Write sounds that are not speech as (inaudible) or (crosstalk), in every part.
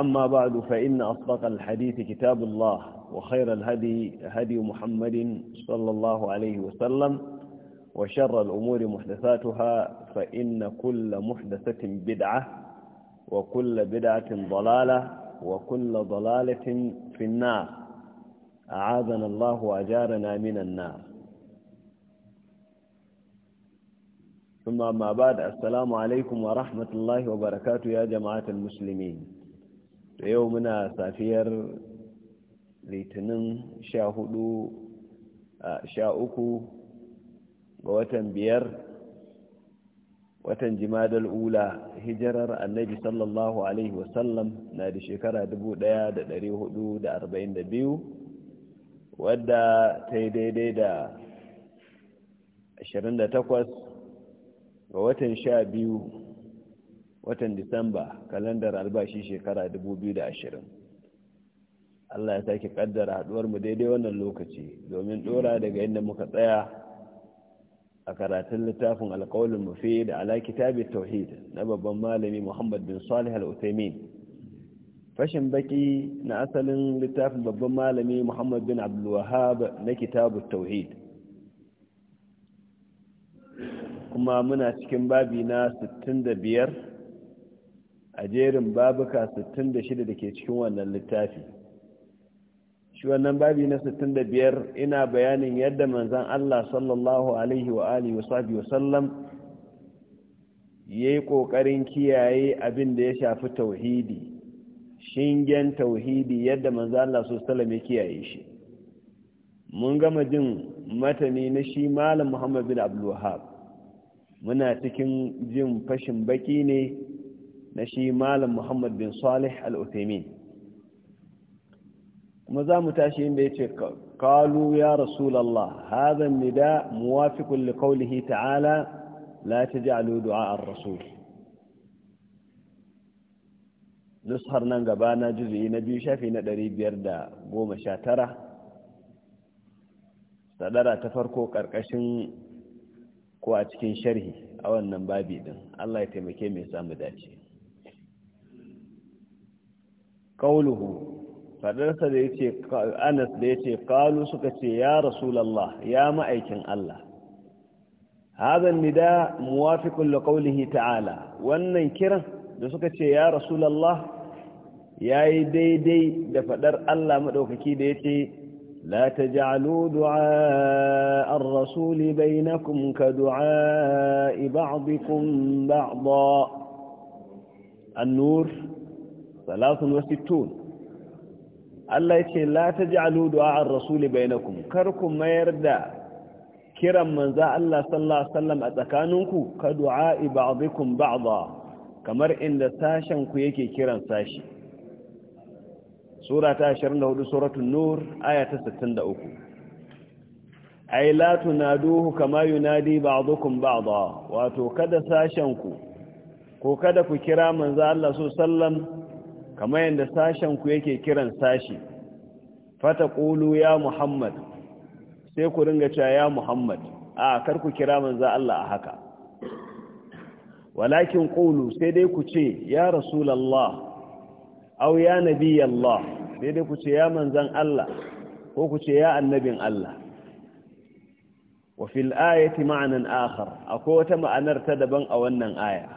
أما بعد فإن أصدق الحديث كتاب الله وخير الهدي هدي محمد صلى الله عليه وسلم وشر الأمور محدثاتها فإن كل محدثة بدعة وكل بدعة ضلالة وكل ضلالة في النار أعاذنا الله وأجارنا من النار ثم ما بعد السلام عليكم ورحمة الله وبركاته يا جماعة المسلمين da yau muna safiyar litinin sha hudu sha uku ga watan biyar watan jimadar ula hijirar annabi sallallahu alaihi wasallam na da shekara biyu wadda ta yi daidai da takwas ga watan sha biyu watan disamba kalandar albashi shekara 2020 Allah ya sake kaddara haduwar mu daidai wannan lokaci domin dora daga inda muka tsaya a karatun littafin alƙawalin da ala kitabi tauhid na babban malami Muhammad bin Salih al-Uthaymeen fashin baki na asalin littafin babban malami Muhammad bin Abdulwahab na Kitabu tauhid kuma muna cikin babi na 65 a jerin babuka 66 da ke cikin wannan littafi shi wannan babi na 65 ina bayanin yadda manzan Allah sallallahu alaihi wa alihi wa sallam ya yi ƙoƙarin kiyaye abin da ya shafi tauhidi shingen tauhidi yadda manzan Allah sallallahu ya kiyaye shi mun gama jin matani na shi malam Muhammadu bin Abdulwahab. muna cikin jin fashin baki ne na shi malam muhammad bin salih al'uthaimin kuma za mu tashi inda ya ce kalu ya rasulallah hazan nida muwafiqun liqaulihi ta'ala la taj'alu a an rasul nusar nan gaba na juzu'i na biyu shafi na tara sadara ta farko ƙarƙashin ko a cikin sharhi a wannan babi din Allah ya taimake mai samu dace qawluhu fadarsa da yace Anas da yace qalu suka ce ya rasulullah ya ma'aikin Allah hadha nida muwafiqun liqawlihi ta'ala wannan kiran da suka ce ya rasulullah yayi daidai da fadar Allah madaukaki da yace la taj'alu du'a ar-rasul bainakum ka du'a ba'dikum ba'dha an-nur wasu wasittun Allah ya ce la a du'a rasuli bai na kar ku mayar da kiran manza Allah sallallahu alaihi a tsakaninku ka du'a ba'dikum ba'aba kamar inda sashen ku yake kiran sashi sura ta 24 suratul nur aya ta 63 ai na duhu kama yunadi ba'dukum ba'dha wato kada sashenku. ku ko kada ku kira manza Allah sallallahu alaihi kamar yadda sashen ku yake kiran sashi fata ƙulu ya muhammad sai ku ringa cewa ya muhammad a kar ku kira manza Allah a haka walakin ƙulu sai dai ku ce ya rasulallah au ya nabi sai dai ku ce ya manzan Allah ko ku ce ya annabin Allah wa fil ayati ma'anan akhar akwai wata ma'anar ta daban a wannan aya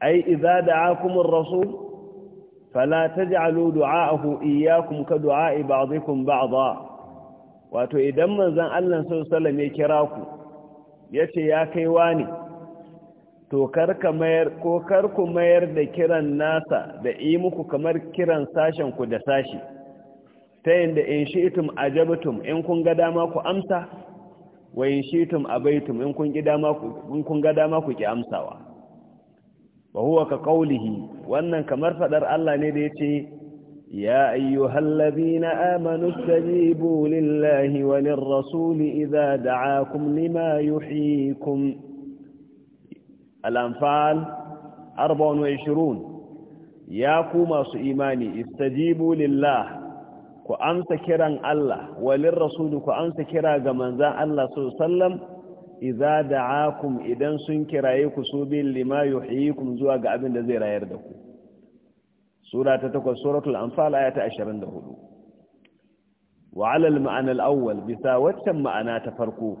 ai idza da'akumur rasul fala taj'alu du'a'ahu iyyakum ka du'a'i ba'dikum wato idan manzon Allah sallallahu alaihi ya kira ku yace ya kai wani to karka mayar ko karku mayar da kiran nasa da yi muku kamar kiran sashen ku da sashi ta yanda in shi'tum ajabtum in kun ga dama ku amsa wa in shi'tum abaitum in kun ga dama ku ki amsawa wa huwa ka qawlihi wannan kamar fadar Allah ne da yace ya ayyuhallazina amanu istajibu lillahi walir rasuli idza da'akum lima yuhyikum al-anfal 24 ya ku masu imani istajibu lillah ku amsa kiran Allah walin rasulu ku amsa kira ga manzan Allah sallam idza da'akum idan sun kiraye ku su bin lima yuhyikum zuwa ga abin da zai rayar da ku sura ta 8 suratul anfal aya ta 24 wa 'ala al ma'ana al bisa waccan ma'ana ta farko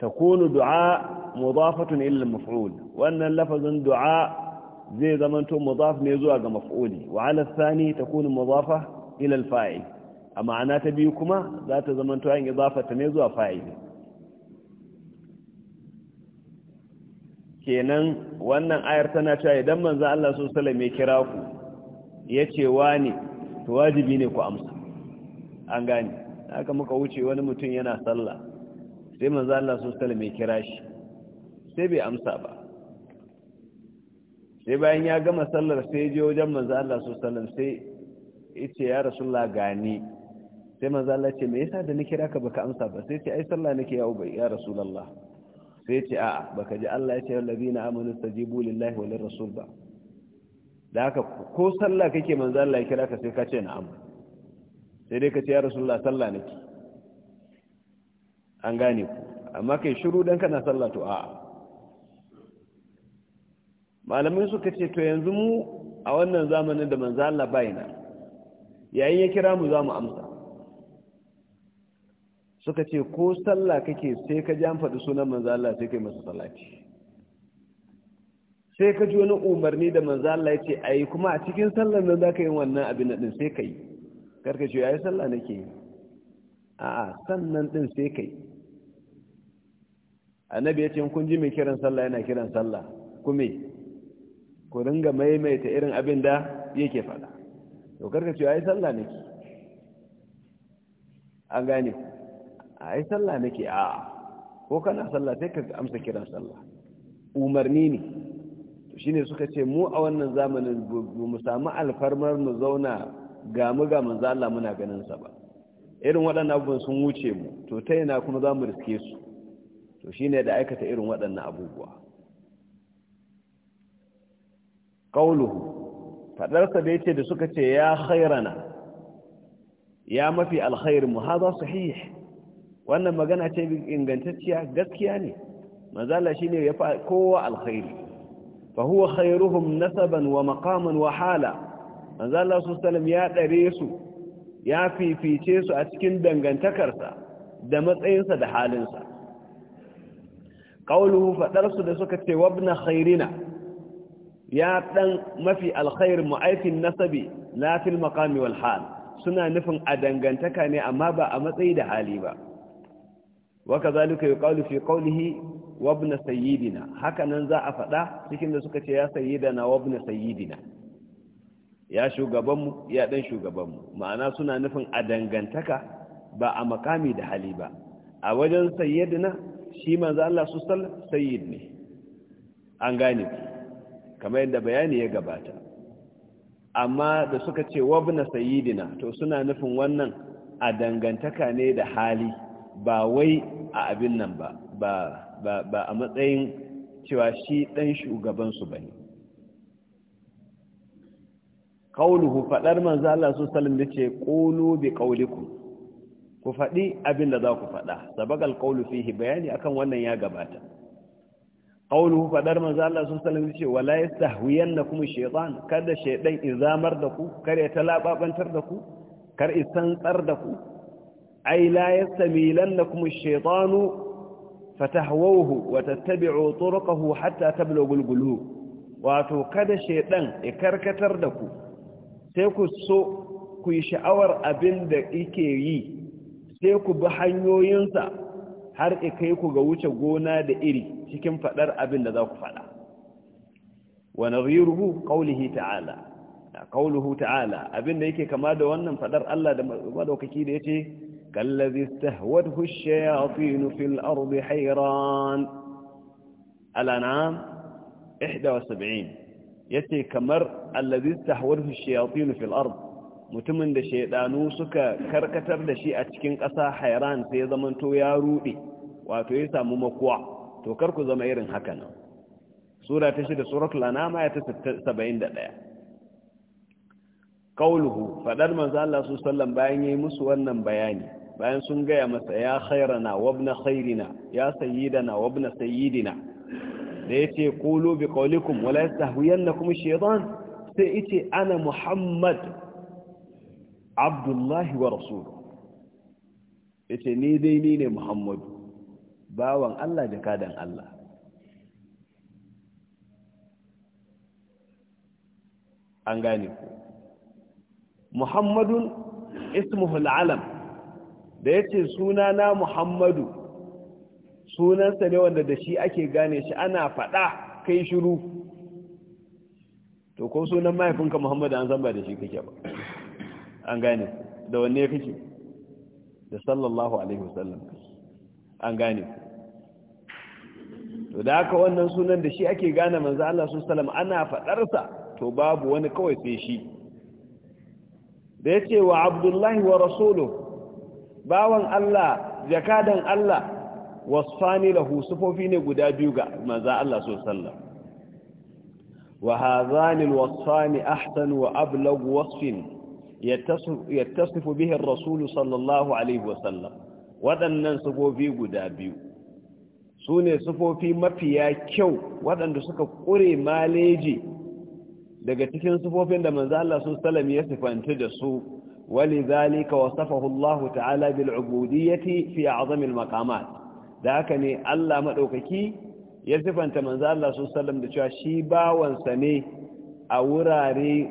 takunu du'a mudafatun ila maf'ul wannan lafazin du'a zai zamanto mudaf ne zuwa ga maf'uli wa 'ala al thani takunu mudafa ila al fa'il a ma'ana ta biyu kuma za ta zamanto an idafata ne zuwa fa'il kenan wannan ayar tana cewa idan manzo Allah sallallahu alaihi wasallam ya kira ku yace wani to wajibi ne ku amsa an gane haka muka wuce wani mutum yana sallah sai manzo Allah sallallahu alaihi wasallam ya kira shi sai bai amsa ba sai bayan ya gama sallar sai ya je wajen manzo Allah sallallahu alaihi wasallam sai yace ya rasulullah gani sai manzo Allah ce me yasa da ni kira ka baka amsa ba sai ce ai sallah nake ya ubai ya rasulullah sai ce a'a baka ji Allah ya ce allazina amanu sajibu lillahi walir rasul ba da haka ko sallah kake manzo Allah ya kira ka sai ka ce na'am sai dai ka ce ya rasulullah sallah nake an gane ku amma kai shiru dan kana sallah to a malamai suka ce to yanzu mu a wannan zamanin da manzo Allah bayina yayin ya kira mu za mu amsa suka ce ko sallah kake sai ka jan faɗi sunan manzo Allah sai kai masa salati sai ka ji wani umarni da manzo Allah ya ce ai kuma a cikin sallar nan zaka yi wannan abin din sai kai karka ce yayi sallah nake yi a'a sannan din sai kai annabi ya ce kun ji mai kiran sallah yana kiran sallah kuma ku ringa maimaita irin abin da yake faɗa to karka ce yayi sallah nake an gane ku a yi sallah nake a ko kana sallah sai ka amsa kiran sallah umarni ne to shine suka ce mu a wannan zamanin mu samu alfarmar mu zauna ga ga manzo Allah muna ganin sa ba irin waɗannan abubuwan sun wuce mu to ta yana kuma za mu riske su to shine da aikata irin waɗannan abubuwa qauluhu faɗarsa da yace da suka ce ya khairana ya mafi alkhairu mu hada sahih wannan magana ce ingantacciya gaskiya ne shi ne ya fa kowa alkhairi fa huwa khairuhum nasaban wa maqaman wa hala manzala sallallahu ya dare su ya fifice su a cikin dangantakarsa da matsayinsa da halinsa qawluhu fadarsu da suka ce wabna khairina ya dan mafi alkhair mu'aifin nasabi la fil maqami wal hal suna nufin a dangantaka ne amma ba a matsayi da hali ba Waka يقال في قوله وابن sayyidina haka nan za a faɗa cikin da suka ce ya sayyidana wabna sayyidina ya shugabanmu ya ɗan shugabanmu ma'ana suna nufin a dangantaka ba a makami da hali ba a wajen sayyidina shi manzo Allah su sal sayyid ne an gane ku kamar yadda bayani ya gabata amma da suka ce wabna sayyidina to suna nufin wannan a dangantaka ne da hali ba wai a abin nan ba ba a matsayin cewa shi ɗan shugabansu ba ne ƙauluhu faɗar manzo Allah su salim da ce ƙolo bi ƙauliku ku faɗi abin da za ku faɗa sabagal ƙaulu fihi bayani akan wannan ya gabata ƙauluhu faɗar manzo Allah su salim da ce wala ya na kuma kada shaitan izamar da ku kar ya talaɓaɓantar da ku kar isan tsar da ku أي لا يستميلنكم الشيطان فتهووه وتتبعوا طرقه حتى تبلغوا القلوب وتوكد الشيطان إكركتر دكو سيكو السوء كي شعور أبن دكيكي سيكو بحنيو ينسى har kai ku ga wuce gona da iri cikin fadar abin da za ku fada wa nadhiruhu qawlihi ta'ala qawluhu ta'ala abin da yake kama da wannan fadar Allah da madaukaki da yace كالذي استهوته الشياطين في الأرض حيران الأنام 71 يتي كمر الذي استهوته الشياطين في الأرض متمند شيطانو سكا كركتر لشي أتكين قصا حيران في زمن تو يا رودي واتو يسا ممكوع تو كركو زمائر حكنا سورة تشد سورة الأنام آية 71 قوله فدر من الله صلى الله عليه وسلم بأيني يمس وأن bayan sun gaya masa ya khairana wabna khairina ya sayyidana wabna sayyidina da ya ce kolo bi kaulikum wala ya sahuyan na kuma shaitan sai ita ana muhammad abdullahi wa rasulu ya ce ni dai ni ne muhammadu bawan allah da kadan allah an gane ku muhammadun ismuhul alam da ya ce suna na muhammadu sunansa ne wanda da shi ake gane shi ana faɗa kai shiru to ko sunan mahaifinka muhammadu an zamba da shi kake ba an gane da wanne kake da sallallahu alaihi wasallam an gane to da haka wannan sunan da shi ake gane manzo Allah sallallahu sallam ana faɗarsa to babu wani kawai sai shi da ya ce wa abdullahi wa rasuluhu bawan Allah jakadan Allah wasfani lahu sufofi ne guda biyu ga manzo Allah sallallahu wa hadhani alwasfani ahsan wa ablag wasfin yattasifu bihi ar-rasul sallallahu alaihi wa sallam wadannan sufofi guda biyu sune sufofi mafiya kyau wadanda suka kure maleji daga cikin sufofin da manzo Allah sallallahu alaihi wa sallam ya sifanta da su ولذلك وصفه الله تعالى بالعبودية في أعظم المقامات ذاكني ألا مدوككي يصف أنت من ذا الله صلى الله عليه وسلم دشوا شيبا وانساني أوراري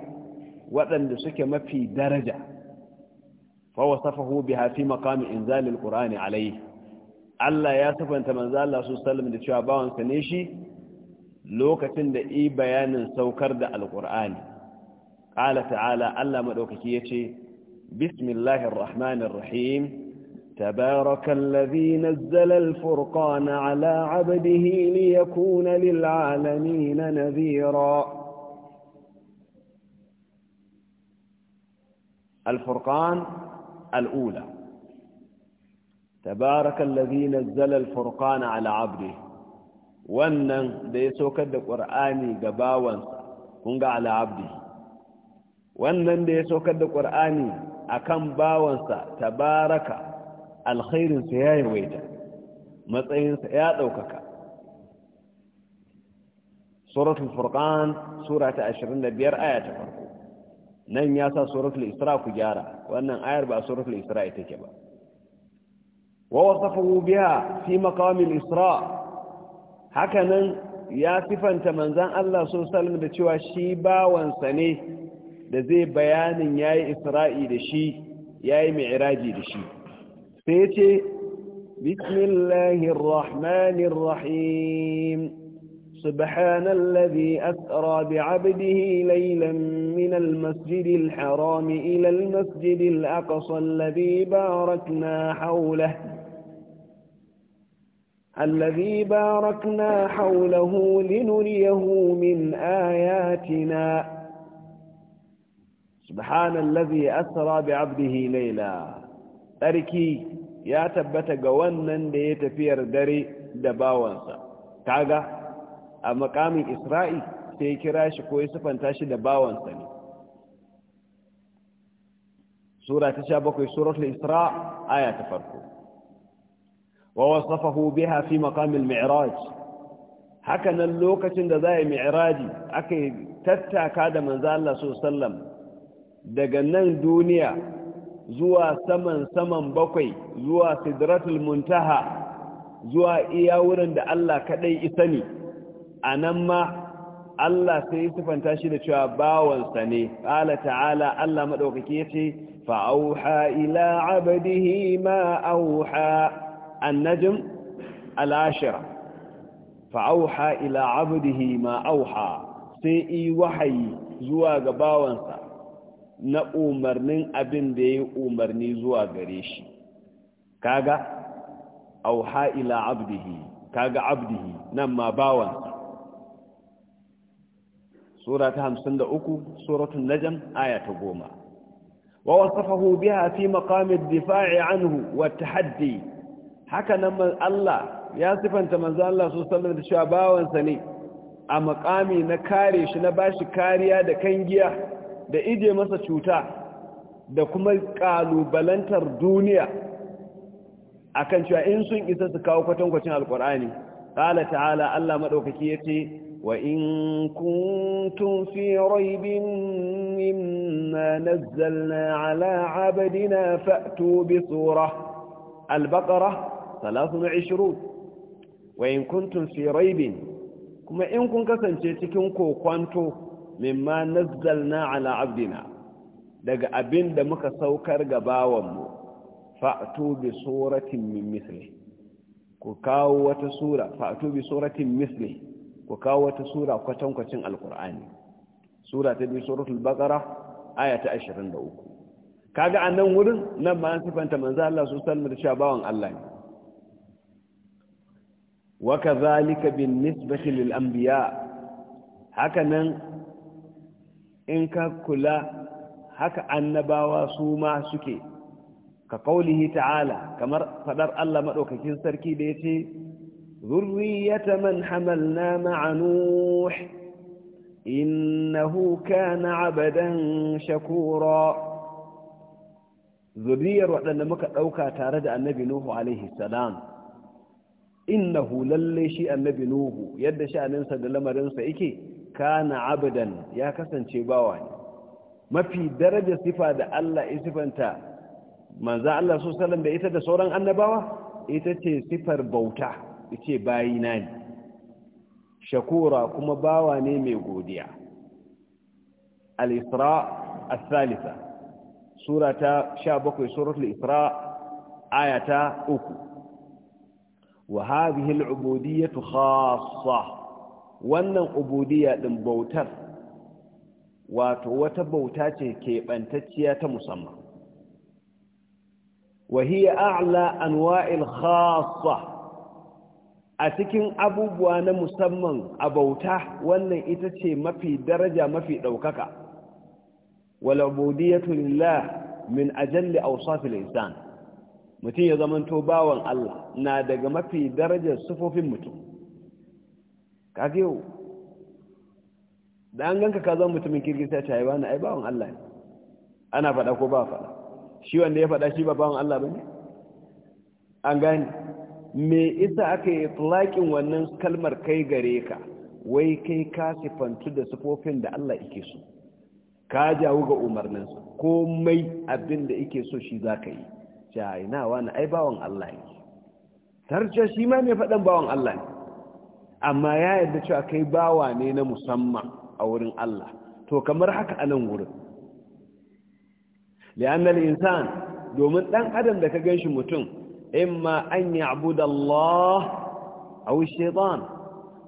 وأن دسك ما في درجة فوصفه بها في مقام إنزال القرآن عليه ألا يصف أنت من ذا الله صلى الله عليه وسلم دشوا باوانساني شي lokacin da i bayanin saukar da alkur'ani ƙala ta'ala allah maɗaukaki ya ce بسم الله الرحمن الرحيم تبارك الذي نزل الفرقان على عبده ليكون للعالمين نذيرا الفرقان الأولى تبارك الذي نزل الفرقان على عبده wannan ديسو كد قرآني قباوان ƙur'ani على عبده kun ديسو كد قرآني akan bawansa tabaraka alkhairinsa ya yawaita matsayinsa ya ɗaukaka suratul furkan sura ta 25 aya ta farko nan ya sa suratul isra ku gyara wannan ayar ba suratul isra ita ke ba wa wasafahu biha fi makamin isra hakanan ya sifanta manzan Allah sun salmi da cewa shi bawansa ne da zai bayanin ya yi isra'i da shi ya yi mi'iraji da shi sai ce bismillahirrahmanirrahim سبحان الذي أسرى بعبده ليلا من المسجد الحرام إلى المسجد الأقصى الذي باركنا حوله الذي باركنا حوله لنريه من آياتنا subhanallazi asra bi 'abdihi layla tsarki ya tabbata ga wannan da ya tafiyar dare da bawansa kaga a makamin isra'i sai kira shi ko ya sifanta shi da bawansa ne sura ta sha bakwai suratul isra aya ta farko wa wasafahu biha fi maqamil mi'raj haka nan lokacin da za a yi mi'raji aka tattaka da manzo Allah sallallahu daga nan duniya zuwa saman saman bakwai zuwa sidratul muntaha zuwa iya wurin da Allah kaɗai isa ne a nan ma Allah sai ya sifanta shi da cewa bawansa ne ala ta'ala Allah maɗaukaki ya ce fa'auha ila abadihi ma auha al'ashira fa'auha ila abadihi ma sai yi wahayi zuwa ga bawansa na umarnin abin da ya umarni zuwa gare shi kaga auha ila abdihi kaga abdihi nan ma bawan sura ta 53 suratul najm aya ta 10 wa wasafahu biha fi maqami ad-difa'i anhu wa at-tahaddi haka nan Allah ya sifanta manzo Allah sallallahu alaihi wasallam da cewa sa ne a maqami na kare shi na bashi kariya da kangiya da ije masa cuta da kuma kalubalantar duniya a kan cewa in sun isa su kawo kwacin alkur'ani ƙala ta'ala allah maɗaukaki ya ce wa in kuntun fi raibin mimma nazzalna ala abadina fa'tu bi tsura albaƙara salasun ashiru wa in kuntun fi raibin kuma in kun kasance cikin kokwanto mimma nazzalna ala abdina daga abin da muka saukar ga bawanmu fa'tu bi suratin min misli ku kawo wata sura fa'tu bi suratin misli ku kawo wata sura kwacin alqur'ani sura ta bi suratul baqara ayata 23 kaga anan wurin nan ma an sifanta manzo Allah su sallama da bawan Allah ne وكذلك بالنسبة Haka hakanan in ka kula haka annabawa su ma suke ka kaulihi ta'ala kamar fadar Allah madaukakin sarki da yace zurriyata man hamalna ma'a innahu kana 'abadan shakura zuriyar wadanda muka dauka tare da annabi nuhu alaihi salam innahu lalle shi annabi nuhu yadda sha'aninsa da lamarinsa yake kana abadan ya kasance bawa ne mafi daraja sifa da Allah ya sifanta manzo Allah su sallam da ita da sauran annabawa ita ce sifar bauta ita bayina ne shakura kuma bawa ne mai godiya al-isra al-thalitha sura ta 17 suratul isra ayata 3 wa hadhihi al-ubudiyyah khassa wannan ubudiya ɗin bautar wato wata bauta ce keɓantacciya ta musamman wahiyar a'la anwa'il khasa a cikin abubuwa na musamman a bauta wannan ita ce mafi daraja mafi ɗaukaka walabudiyatullah min ajalli ausafil insan mutum ya zamanto bawan Allah na daga mafi darajar sufofin mutum kafi yau da an ganka ka zama mutumin kirki sai ta yi wani ai bawan Allah ne ana faɗa ko ba faɗa shi wanda ya faɗa shi ba bawan Allah ba ne an gani. me isa aka yi tulakin wannan kalmar kai gare ka wai kai ka sifantu da sufofin da Allah ike so ka jawo ga umarninsa komai abin da ike so shi za ka yi yi na ai aibawan Allah ne tarce shi ma mai faɗan bawan Allah ne amma ya yarda cewa kai bawa ne na musamman a wurin Allah to kamar haka a nan wurin li'annal insan domin dan adam da ka ganshi mutum imma an ya'budu Allah aw shaytan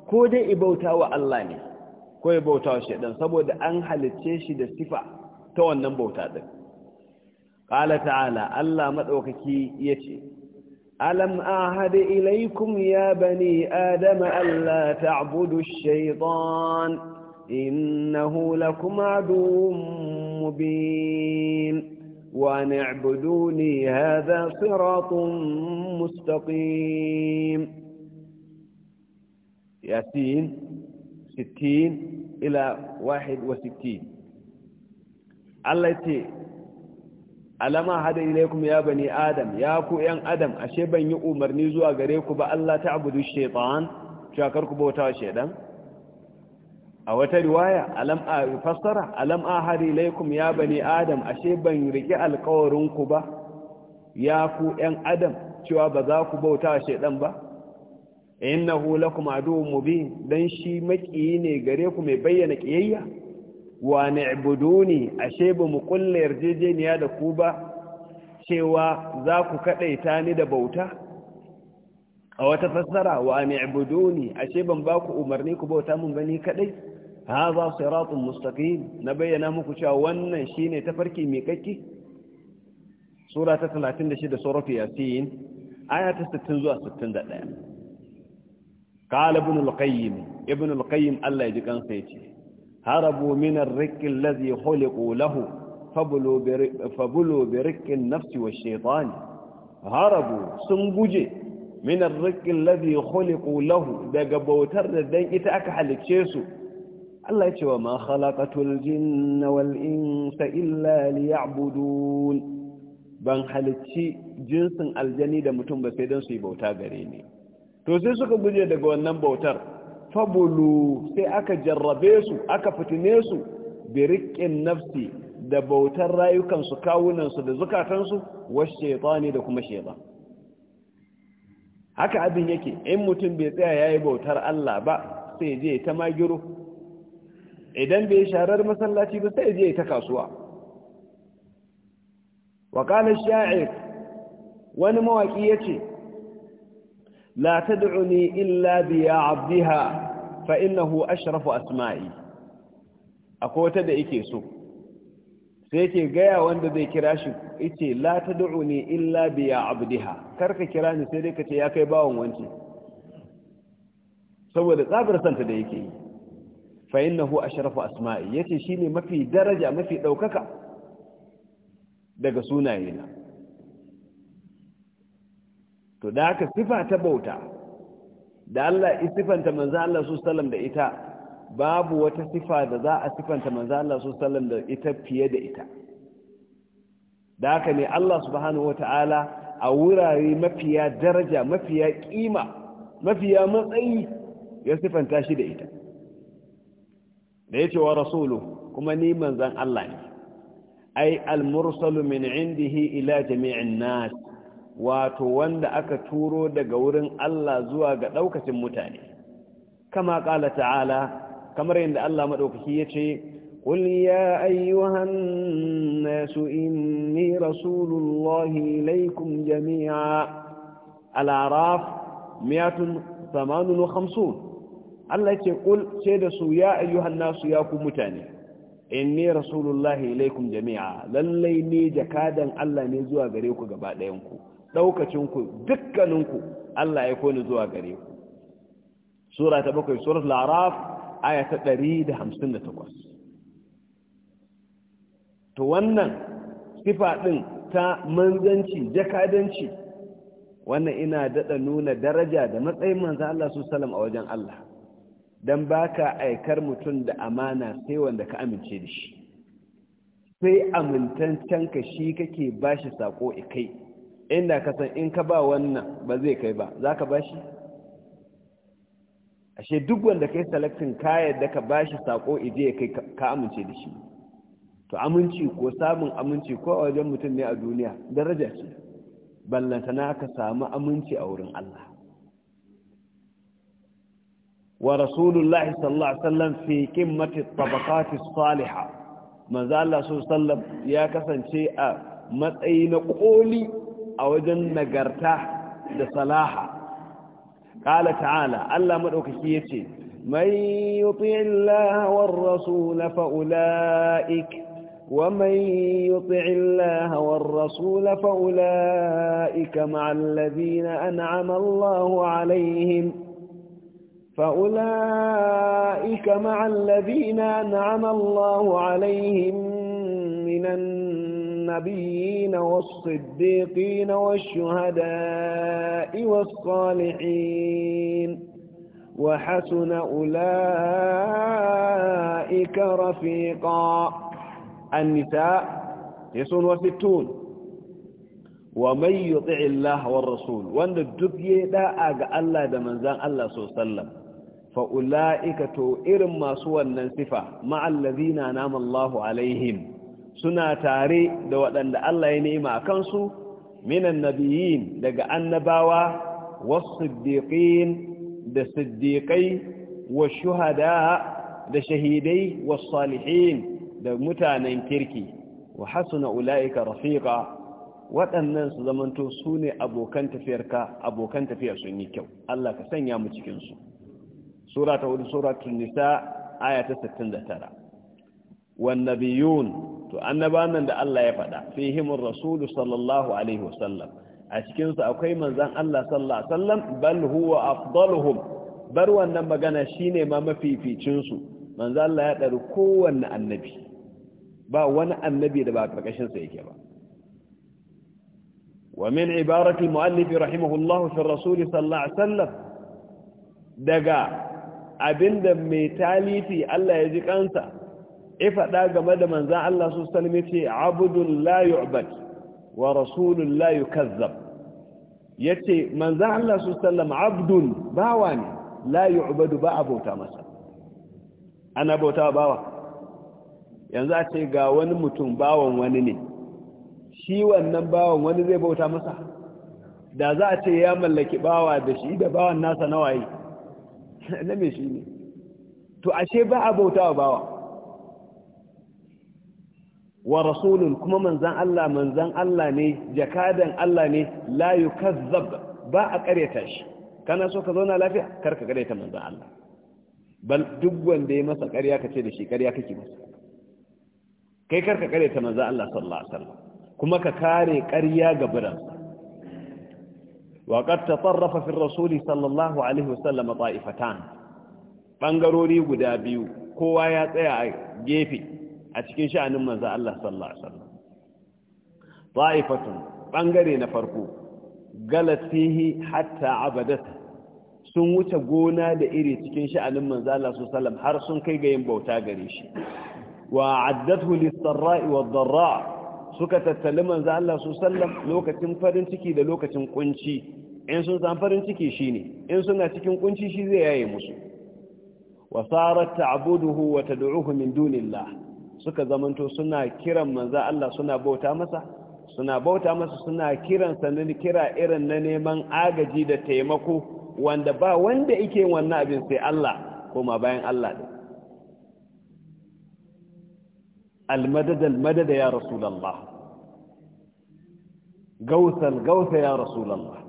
ko dai ibauta wa Allah ne ko ibauta wa shaytan saboda an halice shi da sifa ta wannan bauta din qala ta'ala Allah madaukaki yace ألم أعهد إليكم يا بني آدم ألا تعبدوا الشيطان إنه لكم عدو مبين وأن اعبدوني هذا صراط مستقيم ياسين ستين إلى واحد وستين التي alama hada ilaikum ya bani adam ya ku yan adam ashe ban yi umarni zuwa gare ku ba Allah ta'budu shaytan shakar ku bauta shaytan a wata riwaya alam a fassara alam hada ilaikum ya bani adam ashe ban riki alƙawarin ku ba ya ku yan adam cewa ba za ku bauta shaytan ba innahu lakum adu mubin dan shi makiyi ne gare ku mai bayyana kiyayya wa ni'buduni ashe ba mu kulle yarjejeniya da ku ba cewa za ku kadaita ni da bauta a wata fassara wa ni'buduni ashe ban ba ku umarni ku bauta mun bani kadai hadha siratun mustaqim na bayyana muku cewa wannan shine tafarki mai kakki sura ta 36 surah yasin aya ta 60 zuwa 61 ibn al-qayyim Allah ya ji kansa yace harabu min arrikin lazi holi ƙolahu fabulo birikin nafci wa shaitani harabu sun guje min arrikin lazi holi ƙolahu daga bautar da don ita aka halice su Allah cewa ma halakatul jinna wal insa illa liya'budun ban halicci jinsin aljani da mutum ba sai don su bauta gare ne to sai suka guje daga wannan bautar fabulu sai aka jarrabe su aka fitine su bi riƙin nafsi da bautar rayukansu kawunansu da zukatansu wasu ne da kuma shaitan haka abin yake in mutum bai tsaya ya yi bautar Allah ba sai je ta magiro idan bai sharar masallaci ba sai je ta kasuwa wa kana sha'ir wani ya ce. لا تدعني إلا بيا عبدها فإنه أشرف أسمائي أقوة دائكي سو سيكي غيا واند ذي كراشك إتي لا تدعني إلا بيا عبدها كارك كراني سيديك يا كيباون وانتي saboda tsabar santa da yake yi fa innahu ashrafu asma'i yace shine mafi daraja mafi daukaka daga sunayena to da haka sifa ta bauta da Allah sifanta manzo Allah su sallam da ita babu wata sifa da za a sifanta manzo Allah su sallam da ita fiye da ita da haka ne Allah subhanahu wataala a wurare mafiya daraja mafiya kima mafiya matsayi ya sifanta shi da ita da yace wa rasulu kuma ni manzan Allah ne ai al-mursalu min indihi ila jami'in nas wato wanda aka turo daga wurin Allah zuwa ga ɗaukacin mutane kama ƙala ta'ala kamar yadda Allah madaukaki yace qul ya ayyuhan nasu inni rasulullahi ilaykum jami'a al-a'raf 158 Allah ce sai da su ya ayyuhan nasu ya ku mutane inni rasulullahi ilaikum jami'a lallai ne jakadan Allah ne zuwa gare ku gaba ɗayanku ku ɗaukacinku dukkaninku Allah ya kone zuwa gare ku sura ta bakwai surat laraf aya ta 158 to wannan sifa ɗin ta manzanci jakadanci wannan ina daɗa nuna daraja da matsayin manzo Allah sallallahu salam a wajen Allah dan baka aikar mutum da amana sai wanda ka amince da shi sai ka shi kake bashi sako kai inda ka san in ka ba wannan ba zai kai ba za ka bashi ashe duk wanda kai selectin ka yadda ka bashi sako ije ya kai ka amince da shi to aminci ko samun aminci ko a wajen mutum ne a duniya daraja ce na ka samu aminci a wurin Allah wa rasulullahi sallallahu alaihi wasallam fi qimmati tabaqati salihah manzo Allah sallallahu alaihi wasallam ya kasance a matsayi na koli او wajen nagarta da قال تعالى ta'ala Allah maɗaukaki من يطع الله والرسول فأولئك ومن يطع الله والرسول فأولئك مع الذين أنعم الله عليهم فأولئك مع الذين أنعم الله عليهم من النبيين والصديقين والشهداء والصالحين وحسن أولئك رفيقا النساء يسون وستون ومن يطع الله والرسول وان الدبي لا أقع الله دا زان الله صلى الله عليه وسلم فأولئك تؤرم ما سوى النسفة مع الذين نام الله عليهم suna tare da waɗanda Allah ya nema a kansu minan nabiyin daga annabawa wasiddiqin da siddiƙai wa shuhada da shahidai wa salihin da mutanen kirki wa hasuna ula'ika rafiqa waɗannan su zamanto su ne abokan tafiyarka abokan tafiyar sun yi kyau Allah ka sanya mu cikinsu sura ta wuri sura nisa ayata ta 69 wan to annabawan nan da Allah ya faɗa fihimur rasulu sallallahu alaihi wasallam a cikinsu akwai manzan Allah sallallahu alaihi bal huwa afdaluhum bar wannan magana shine ma mafificinsu. Manzan Allah ya ɗari kowanne annabi ba wani annabi da ba ƙarƙashinsa yake ba wa min ibarati mu'allifi rahimahullahu fi rasul sallallahu alaihi wasallam daga abinda mai talifi Allah ya ji kansa faɗa game da manzan Allah su salmi ce abudun la yu'bad wa rasulun la yukazzab ya ce manzan Allah su sallam abdun bawa ne la yu'badu ba a bauta masa ana bauta bawa yanzu a ce ga wani mutum bawan wani ne shi wannan bawan wani zai bauta masa da za a ce ya mallaki bawa da shi da bawan nasa nawaye na (laughs) mai shi ne to ashe ba a bauta wa bawa wa rasulun kuma manzan Allah manzan Allah ne jakadan Allah ne la yukazzab ba a kareta shi kana so ka zauna lafiya kar ka kareta manzan Allah bal duk wanda ya masa ƙarya ka ce da shi ƙarya kake masa kai kar ka kareta manzan Allah sallallahu alaihi wasallam kuma ka kare ƙarya ga buran wa qad tatarrafa fi صلى sallallahu alaihi wasallam ta'ifatan bangarori guda biyu kowa ya tsaya a gefe a cikin sha'anin manzo Allah sallallahu alaihi wasallam ta'ifatun bangare na farko galatihi hatta abadat sun wuce gona da iri cikin sha'anin manzo Allah sallallahu alaihi wasallam har sun kai ga yin bauta gare shi wa addathu lis-sarra'i wad-dharra' suka tattali manzo Allah sallallahu alaihi wasallam lokacin farin ciki da lokacin kunci in sun san farin ciki shine in suna cikin kunci shi zai yaye musu wa sarat ta'buduhu wa tad'uhu min dunillah suka zamanto suna kiran manza Allah suna bauta masa suna bauta masa suna kiran sanin kira irin na neman agaji da taimako wanda ba wanda yake wannan abin sai Allah kuma bayan Allah din al-madad ya rasulullah gausal gausa ya rasulullah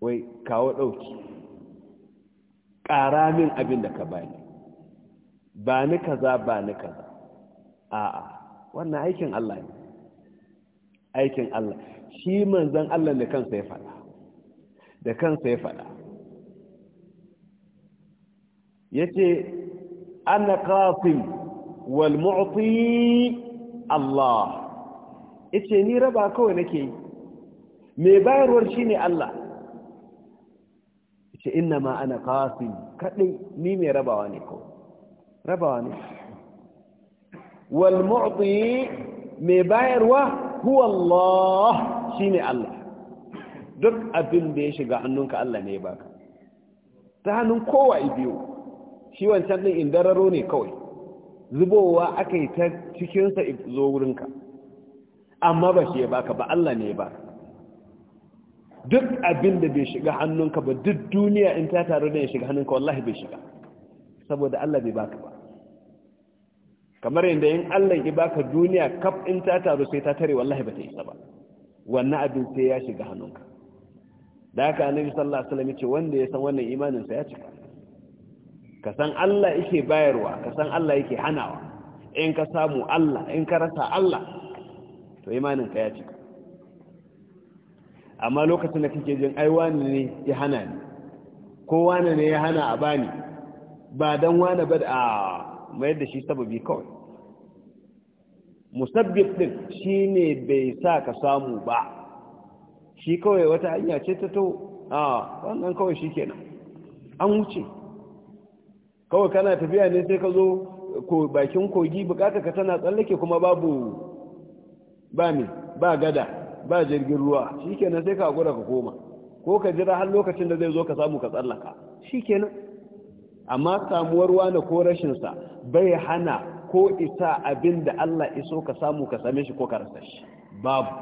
wai kawo dauki ƙara min abin da ka bani ba ni kaza ba ni kaza a'a wannan aikin Allah ne aikin Allah shi manzan Allah da kansa ya faɗa da kansa ya faɗa ce ana kafin wal mu'ti Allah ce ni raba kawai nake yi mai bayarwar shi ne Allah ce inna ma ana kafin. Kaɗai ni mai rabawa ne ko rabawa ne wal mai bayarwa huwa Allah ne Allah duk abin da ya shiga hannunka Allah ne ba baka ta hannun kowa biyu shi wancan ɗin indararo ne kawai zubowa aka yi ta cikinsa zo wurinka amma ba shi ya baka ba Allah ne ba. ka duk abin da bai shiga hannunka ba duk duniya in ta taru da ya shiga hannunka wallahi bai shiga saboda Allah bai baka ba kamar yadda in Allah ya baka duniya kaf in ta taru sai ta tare wallahi ba ta isa ba wannan abin sai ya shiga hannunka da haka annabi sallallahu alaihi wasallam ya ce wanda ya san wannan imanin sa ya cika ka san Allah yake bayarwa ka san Allah yake hanawa in ka samu Allah in ka rasa Allah to imanin ka ya cika amma lokacin da kake jin ai wani ne ya hana ni ko wani ne ya hana a bani ba dan wani ba a mayar da shi sababi kawai musabbib din shine bai sa ka samu ba shi kawai wata hanya ce ta to a wannan kawai shi kenan an wuce kawai kana tafiya ne sai ka zo bakin kogi bukata ka tana tsallake kuma babu ba ne ba gada ba jirgin ruwa shi kenan sai ka gura ka koma ko ka jira har lokacin da zai zo ka samu ka tsallaka shi kenan. amma samuwar wani ko rashinsa bai hana ko isa abin da Allah iso ka samu ka same shi ko ka rasa shi babu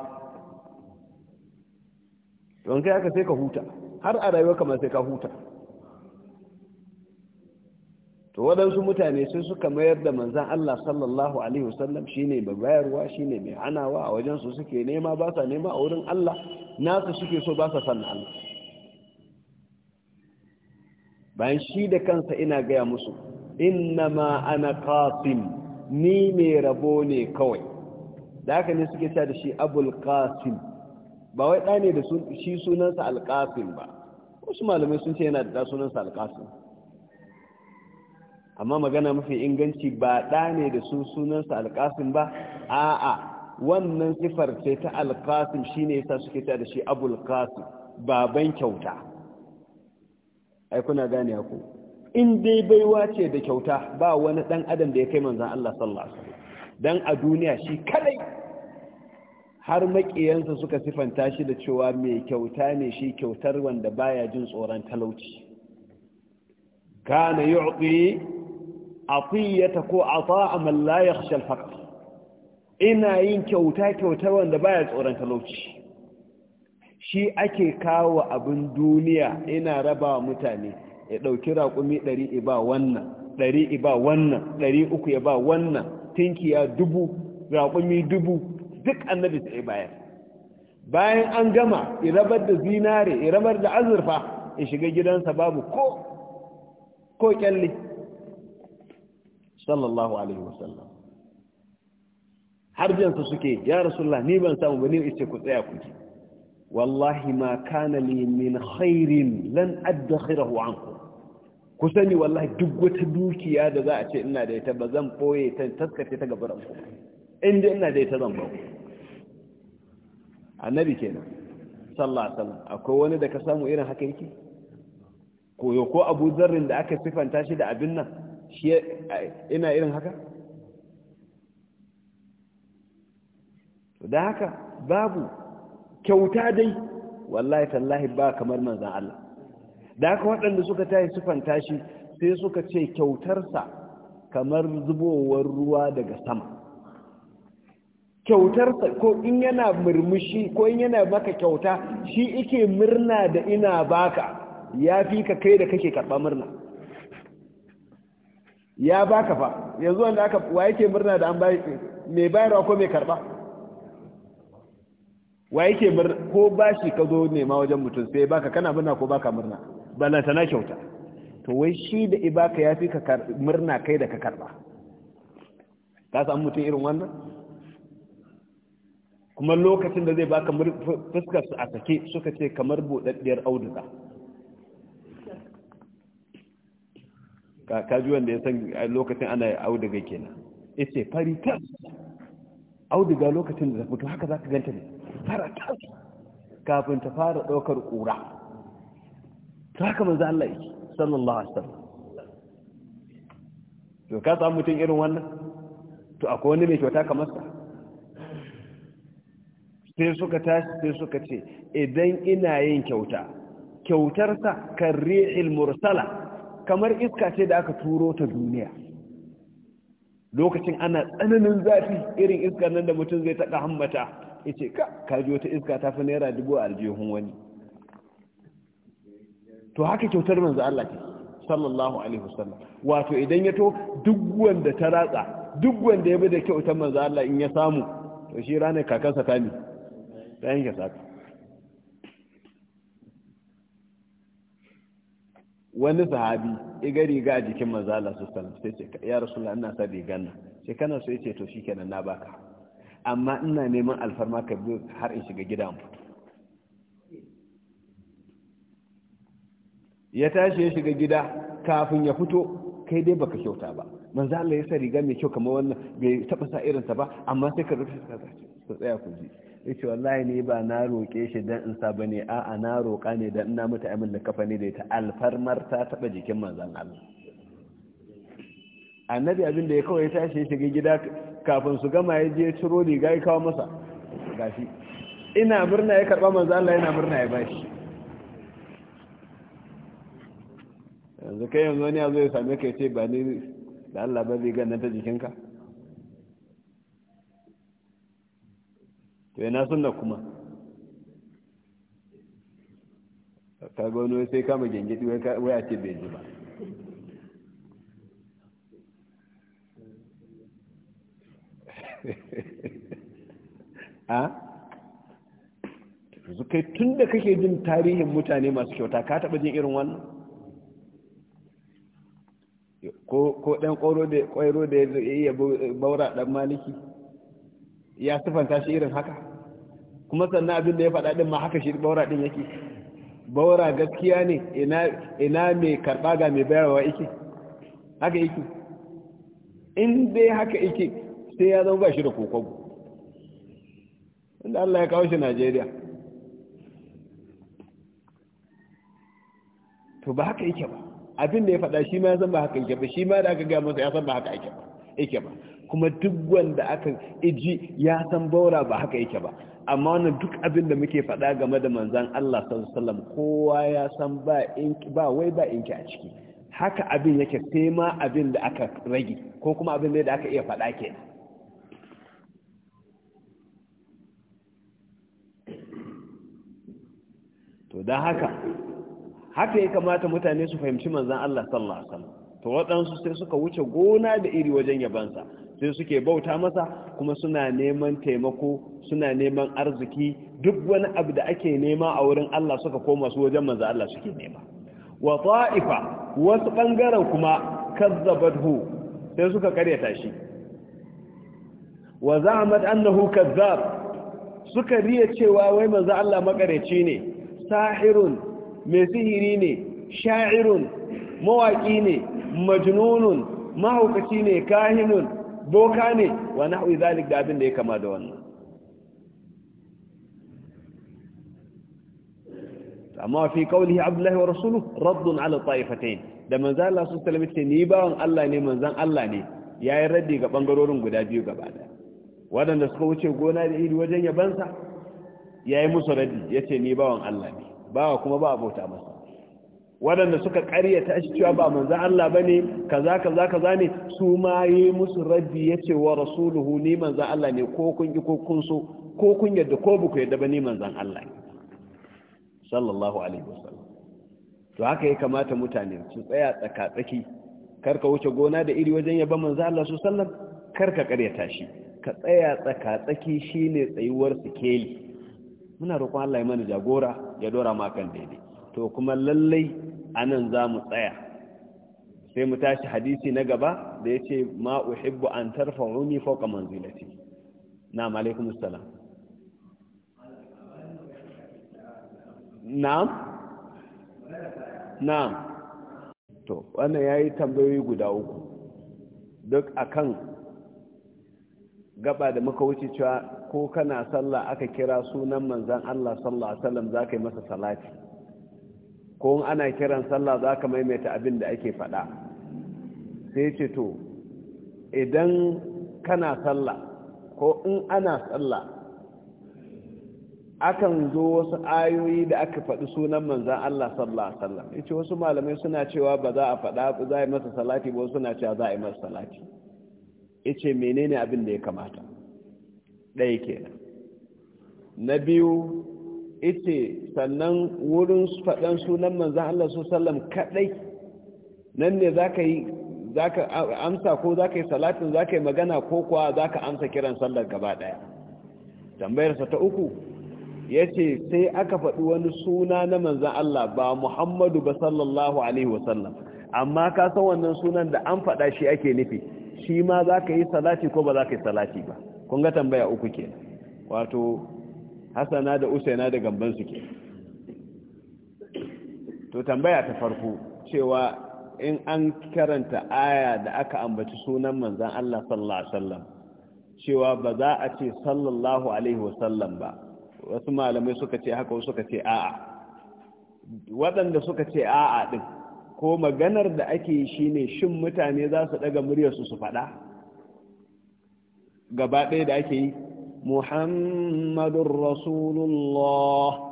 don kai aka sai ka huta har a rayuwa kamar sai ka huta to waɗansu mutane sai suka mayar da manzan Allah sallallahu Alaihi wasallam shi ne mai bayarwa shi ne mai hanawa a wajensu suke nema ba sa nema a wurin Allah nasu suke so ba sa sannan Allah bayan shi da kansa ina gaya musu innama ana qasim ni mai rabo ne kawai da haka ne suke sa da shi abul qasim ba wai ɗa ne da shi sunansa alƙasim ba wasu malamai sun ce yana da sunansa alƙasim amma magana mafi inganci ba ɗa ne da su sunansa alƙasim ba a'a wannan sifar ce ta alƙasim shine yasa suke ta da shi abul qasim baban kyauta ai kuna gane ku in dai baiwa ce da kyauta ba wani ɗan adam da ya kai manzon Allah sallallahu alaihi wasallam dan a duniya shi kadai har makiyansa suka sifanta shi da cewa mai kyauta ne shi kyautar wanda baya jin tsoron talauci kana yu'ti atiyata ko ata'a man la yakhsha al ina yin kyauta kyauta wanda baya tsoron talauci shi ake kawo abin duniya ina raba mutane ya dauki raƙumi 100 iba wannan 100 iba wannan 300 iba wannan tinkiya dubu raƙumi dubu duk annabi sai bayar bayan an gama irabar da zinare rabar da azurfa in shiga gidansa babu ko ko kyalle sallallahu alaihi wasallam har biyansa suke ya rasulullah ni ban samu ba ni ice ku tsaya ku ji wallahi ma kana li min khairin lan addakhirahu anku ku sani wallahi duk wata dukiya da za a ce ina da ita ba zan boye ta taskace ta gaban ku inda ina da ita zan ba ku annabi kenan sallallahu alaihi wasallam akwai wani da ka samu irin haka yake koyo ko abu zarrin da aka sifanta shi da abin nan shi ina irin haka da haka babu kyauta dai wallahi tallahi ba kamar manzan Allah da haka waɗanda suka tayi sufan tashi sai suka ce kyautarsa kamar zubowar ruwa daga sama kyautarsa ko in yana murmushi ko in yana maka kyauta shi ike murna da ina baka ya fi ka kai da kake karɓa murna ya baka fa yanzu wanda aka wa yake murna da an bai mai bayarwa ko mai karba wa yake murna ko bashi ka zo nema wajen mutum sai baka kana murna ko baka murna balanta na kyauta to wai shi da ibaka ya fi ka murna kai da ka karba ka samu mutum irin wannan kuma lokacin da zai baka fuskar su a sake suka ce kamar buɗaɗɗiyar auduga kaji wanda ya san lokacin ana auduga kenan ita fari tas auduga lokacin da zafi to haka za ka ganta ne fara ta kafin ta fara ɗaukar ƙura ta haka manzo Allah yake sallallahu alaihi wasallam to ka samu mutum irin wannan to akwai wani mai kyauta kamar sa sai suka tashi sai suka ce idan ina yin kyauta kyautarsa kan ri'il mursala kamar iska ce da aka turo ta duniya lokacin ana tsananin zafi irin iska nan da mutum zai taɗa hammata ya ce ka kaji wata iska ta fi naira dubu a aljihun wani to haka kyautar manzu Allah ke sallallahu alaihi wasallam wato idan ya to duk wanda ta ratsa duk wanda ya bi da kyautar manzu Allah in ya samu to shi ranar kakansa ta ne ta yanke saka wani sahabi ya riga a jikin Manzala su sai ce ya ina sa rigar nan sai kana so ce to shikenan na baka amma ina neman alfarma ka biyo har in shiga gidan mu." ya tashi ya shiga gida kafin ya fito kai dai baka kyauta ba Manzala ya sa riga mai kyau kamar wannan bai taba sa irin ta ba amma sai ka rufe ka tsaya ku ji ya ce wallahi ne ba na roƙe shi don in sa ba ne a'a na roƙa ne don ina mutu amin da kafa ne da ita alfarmar ta taɓa jikin manzan Allah annabi abin da ya kawai tashi ya shiga gida kafin su gama ya je ciro riga ya kawo masa gashi ina murna ya karɓa manzan Allah yana murna ya bashi yanzu kai yanzu wani ya zo ya same ka ya ce ba ni da Allah ba zai ganin ta jikinka to yana suna kuma ka gano sai kama gengidi wai a ce bai ji ba a (laughs) ah? yanzu tun da kake jin tarihin mutane masu kyauta ka taɓa jin irin wannan ko ɗan ƙwairo da ya iya baura ɗan maliki ya sifanta shi irin haka kuma sannan abin da ya faɗa ɗin ma haka shi baura ɗin yake baura gaskiya ne ina mai karɓa ga mai bayarwa yake haka yake in dai haka yake sai ya zama ba shi da kokon inda Allah ya kawo shi Najeriya to ba haka yake ba abin da ya faɗa shi ma ya zama ba haka yake ba shi ma da aka gaya masa ya san ba haka yake ba yake ba kuma duk wanda aka iji ya san baura ba haka yake ba amma wannan duk abin da muke faɗa game da manzan Allah sallallahu alaihi wasallam kowa ya san ba inki ba wai ba inki a ciki haka abin yake sai ma abin da aka rage ko kuma abin da aka iya faɗa ke to don haka haka ya kamata mutane su fahimci manzan Allah sallallahu Alaihi wasallam to waɗansu sai suka wuce gona da iri wajen yabansa sai suke bauta masa kuma suna neman taimako suna neman arziki duk wani abu da ake nema a wurin Allah suka koma su wajen manzo Allah suke nema wa ta'ifa wasu bangaren kuma kazzabathu sai suka karyata shi wa za'amat annahu kazzab suka riya cewa wai manzo Allah makareci ne sahirun mai sihiri ne sha'irun mawaki ne majnunun mahaukaci ne kahinun boka ne wa nahwi zalik da abin da ya kama da wannan amma fi qawlihi abdullahi wa rasuluhu raddun ala ta'ifatayn da manzan Allah su sallama ce ni bawan Allah ne Manzan Allah ne yayin raddi ga bangarorin guda biyu gaba da wadanda suka wuce gona da iri wajen yabansa yayi musu raddi yace ni bawan Allah ne bawa kuma ba abota masa waɗanda suka ƙaryata shi cewa ba manzan Allah ba ne kaza kaza kaza ne su ma yi musu rabi ya ce wa rasuluhu ni manzan Allah ne ko kun ki ko kun so ko kun yadda ko buku yadda ba ni manzan Allah ne sallallahu alaihi wasallam to haka ya kamata mutane su tsaya tsaka kar ka wuce gona da iri wajen yaba manzan Allah su sallam kar ka ƙaryata shi ka tsaya tsakatsaki tsaki shine tsayuwar sikeli muna roƙon Allah ya mana jagora ya dora kan daidai to kuma lallai anan za mu tsaya sai mu tashi hadisi na gaba da ya ce ma uhibbu an tarfa rumi fauka manzilati na alaikum assalam na'am na'am to wannan yayi tambayoyi guda uku duk akan gaba da muka wuce cewa ko kana sallah aka kira sunan manzon Allah sallallahu alaihi wasallam zaka yi masa salati ko in ana kiran sallah za ka maimaita abin da ake faɗa sai ce to idan kana sallah ko in ana sallah akan zo wasu ayoyi da aka faɗi sunan manzan Allah sallallahu alaihi wasallam wasu malamai suna cewa ba za a faɗa za a yi masa salati ba suna cewa za a yi masa salati yace menene abin da ya kamata ɗaya kenan na biyu ita sannan wurin faɗan sunan manzan Allah su sallam kaɗai nan ne za ka yi za ka amsa ko za ka yi salatin za ka yi magana ko kuwa za ka amsa kiran sallar gaba ɗaya tambayarsa ta uku ya ce sai aka faɗi wani suna na manzan Allah ba muhammadu ba sallallahu alaihi wasallam amma ka san wannan sunan da an faɗa shi ake nufi shi ma za ka yi salati ko ba za ka yi salati ba kun ga tambaya uku ke wato hasana da usaina da gamban suke to tambaya ta farko cewa in an karanta aya da aka ambaci sunan manzan Allah sallallahu alaihi wasallam cewa ba za a ce sallallahu alaihi wasallam ba wasu malamai suka ce haka wasu suka ce a'a waɗanda suka ce a'a din ko maganar da ake yi shine shin mutane za su daga muryarsu su faɗa gaba ɗaya da ake yi muhammadun rasulullah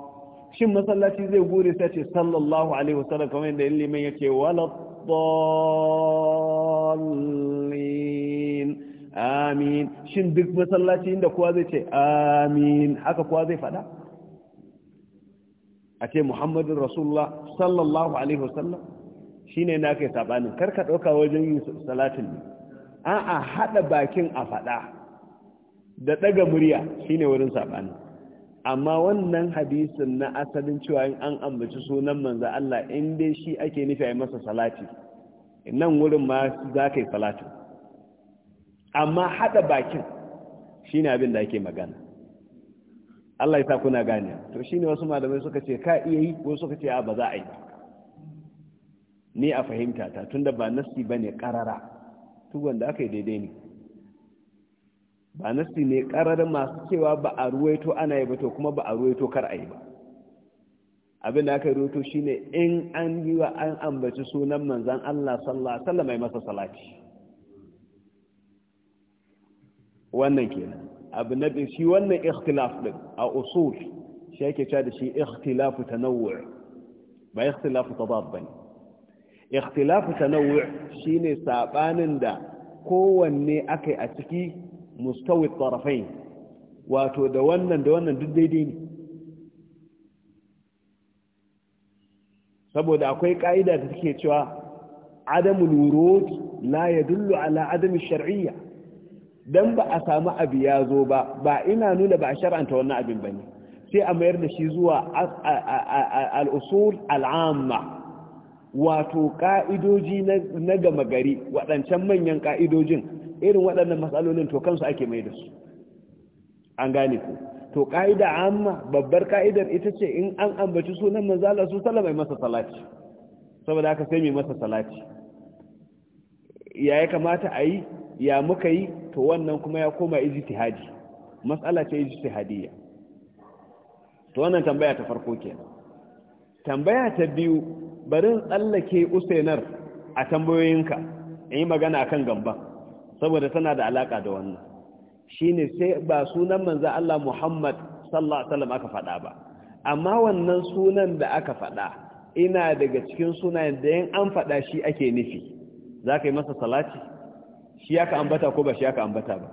shin masallaci zai gure sai ce sallallahu alaihi wasallam kamar yadda liman yake wala dallin amin shin duk masallaci inda kowa zai ce amin haka kowa zai fada a ce muhammadun rasulullah sallallahu alaihi wasallam shine na kai sabanin karka ɗauka wajen yin salatin a'a haɗa bakin a fada da ɗaga murya shine wurin saɓani amma wannan hadisin na asalin cewa in an ambaci sunan manza Allah in dai shi ake nufi a masa salati nan wurin ma za ka yi salati amma haɗa bakin shine abin da ake magana Allah ya sa kuna gane to shine wasu malamai suka ce ka iya yi wasu suka ce a ba za a yi ni a fahimta ta tunda ba nasi ne karara duk wanda aka yi daidai ne ba nasi ne karar masu cewa ba a ruwaito ana yi ba to kuma ba a ruwaito kar a yi ba abin da aka ruwaito shine in an yi wa an ambaci sunan manzan Allah sallallahu alaihi wasallam mai masa salati wannan kenan abu na biyu shi wannan ikhtilaf din a usul shi yake cewa da shi ikhtilafu tanawwu' ba ikhtilafu tadad bane ikhtilafu shi shine sabanin da kowanne akai a ciki mustawi tarafain wato da wannan da wannan duk daidai ne saboda akwai ka'ida da take cewa adamul wurud la yadullu ala adami shar'iyya dan ba a samu abu ya zo ba ba ina nuna ba a shar'anta wannan abin bane sai a mayar da shi zuwa al-usul al-amma wato ka'idoji na gama gari waɗancan manyan ka'idojin irin waɗannan matsalolin to kansu ake mai da su an gane ku to ƙa'ida amma babbar ƙa'idar ita ce in an ambaci sunan manzala su salama masa salati saboda haka sai mai masa salati ya ya kamata a yi ya muka yi to wannan kuma ya koma ijtihadi matsala ce ijtihadiyya to wannan tambaya ta farko ke. tambaya ta biyu barin tsallake usainar a tambayoyinka in yi magana akan gamban saboda tana da alaka da wannan shine sai ba sunan manzo Allah Muhammad sallallahu alaihi wasallam aka faɗa ba amma wannan sunan da aka faɗa ina daga cikin sunayen da yan an faɗa shi ake nufi zaka yi masa salati shi aka ambata ko ba shi aka ambata ba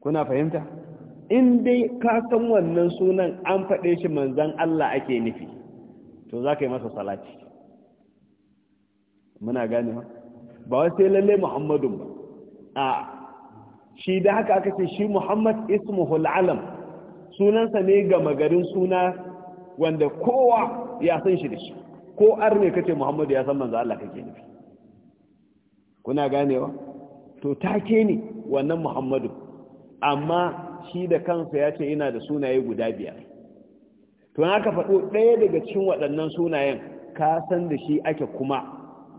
kuna fahimta in dai ka san wannan sunan an faɗe shi manzan Allah ake nufi to za ka yi masa salati muna gane ma ba wai sai lalle muhammadun ba a shi da haka aka ce shi muhammad ismuhul alam sunansa ne ga magarin suna wanda kowa ya san shi da shi ko ar ne kace muhammadu ya san manzo Allah kake nufi kuna ganewa to take ne wannan muhammadu amma shi da kansa ya ce ina da sunaye guda biyar to na ka faɗo ɗaya daga cikin waɗannan sunayen ka san da shi ake kuma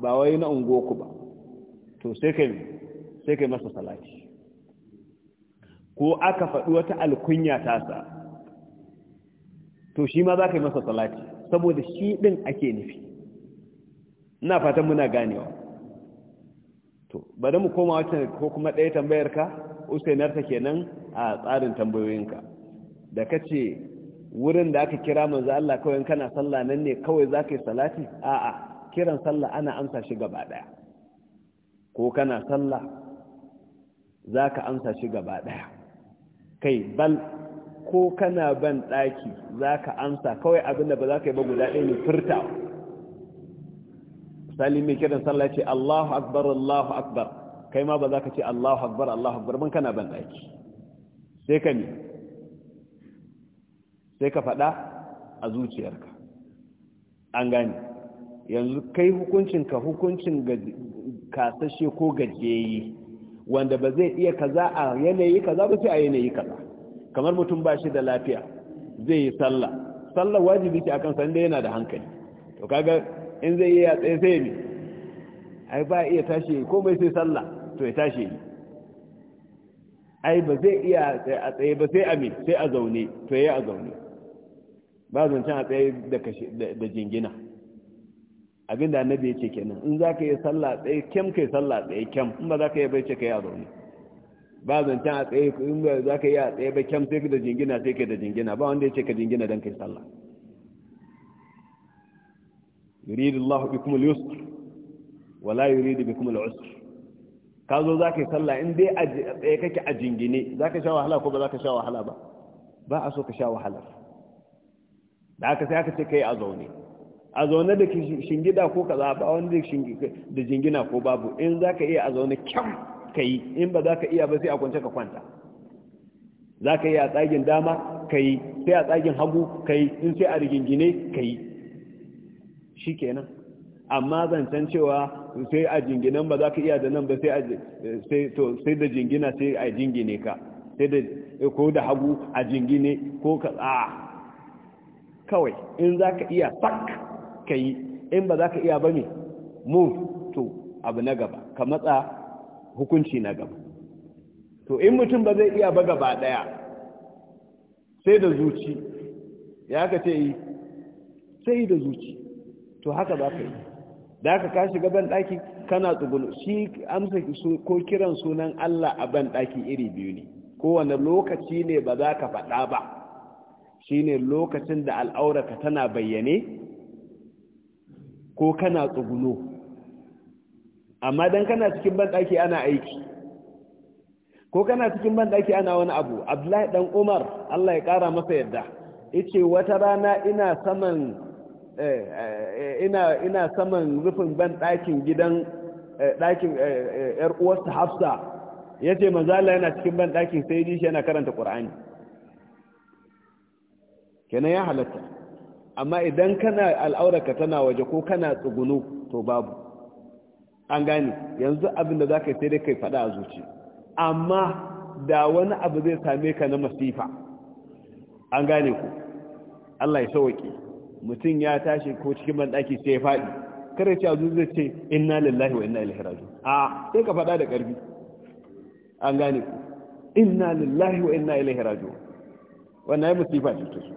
ba wai na ungo ku ba to sai kai sai masa salati ko aka faɗi wata alkunya tasa to shi ma za ka yi masa salati saboda shi ɗin ake nufi ina fatan muna ganewa to bari mu koma wacce ko kuma ɗaya tambayar ka usainarta kenan a tsarin tambayoyinka da ka ce wurin da aka kira manzo Allah kawai kana sallah nan ne kawai za ka yi salati a'a kiran sallah ana amsa shi gaba ɗaya ko kana sallah za ka amsa shi gaba ɗaya kai bal ko kana ban ɗaki za ka ansa. kawai abinda ba za ka yi ba guda ɗaya ne furta. misali mai kiran sallah ce allahu akbar allahu akbar kai ma ba za ka ce allahu akbar allahu akbar ban kana ban ɗaki sai ka ne sai ka faɗa a zuciyarka an gane yanzu kai hukuncinka hukuncin kasashe ko gajiyayi wanda ba zai iya kaza a yanayi kaza ba sai a yanayi kaza kamar mutum ba shi da lafiya zai yi sallah sallah wajibi ce akan sanda yana da hankali to kaga in zai yi tsaye sai ne ai ba iya tashi ko mai sai sallah to ya tashi yi ai ba zai iya a tsaye ba sai a sai a zaune to ya a zaune ba zancen a tsaye da jingina Abin da annabi yake ce kenan in za ka yi sallah tsaye kyam kai sallah tsaye kyam in ba za ka yi bai ce ka yi a zaune ba zancen a tsaye in ba za ka yi a tsaye ba kyam sai ka da jingina sai ka da jingina ba wanda ya ce ka jingina don kai sallah yuridu allahu bi kuma yusr wala yuridu bi kuma usr ka zo za ka yi sallah in dai a tsaye kake a jingine za ka sha wahala ko ba za ka sha wahala ba ba a so ka sha wahala da aka sai aka ce ka yi a zaune a zaune da shingida ko ka zaɓa wanda da jingina ko babu in za ka iya a zaune kyan ka yi in ba za ka iya ba sai a kwance ka kwanta za ka iya a tsagin dama ka yi sai a tsagin hagu ka yi in sai a rigingine ka yi shi kenan amma zancen cewa sai a jinginan ba za ka iya da nan ba sai da jingina sai a jingine ka sai da ko da hagu a jingine ko ka kawai in za ka iya sak ka yi in ba za ka iya ba ne move to abu na gaba ka matsa hukunci na gaba to in mutum ba zai iya ba gaba daya sai da zuci ya ka ce yi sai da zuci to haka ba ka yi da ka ka shiga daki kana tsugunu shi amsa ko kiran sunan Allah a ban daki iri biyu ne kowane lokaci ne ba za ka faɗa ba shi ne lokacin da al'aurarka tana bayyane ko kana tsugulo amma dan kana cikin banɗaki ana aiki ko kana cikin banɗaki ana wani abu abdullahi dan umar allah ya ƙara masa yadda ice wata rana ina saman eh, eh, ina ina saman rufin banɗakin gidan eh, ɗakin yar uwarsa hafsa ya ce manzala yana cikin banɗakin sai ji shi yana karanta ƙur'ani kenan ya halatta amma idan kana al'auraka tana waje ko kana tsugunu to babu an gane yanzu abin da za ka sai dai kai fada a zuci amma da wani abu zai same ka na masifa an gane ku Allah ya sauƙi mutum ya tashi ko cikin banɗaki sai ya faɗi kare ce a zuci zai ce inna lillahi wa inna ilaihi raji'un a sai ka fada da ƙarfi an gane ku inna lillahi wa inna ilaihi raji'un wannan ya masifa ce ta su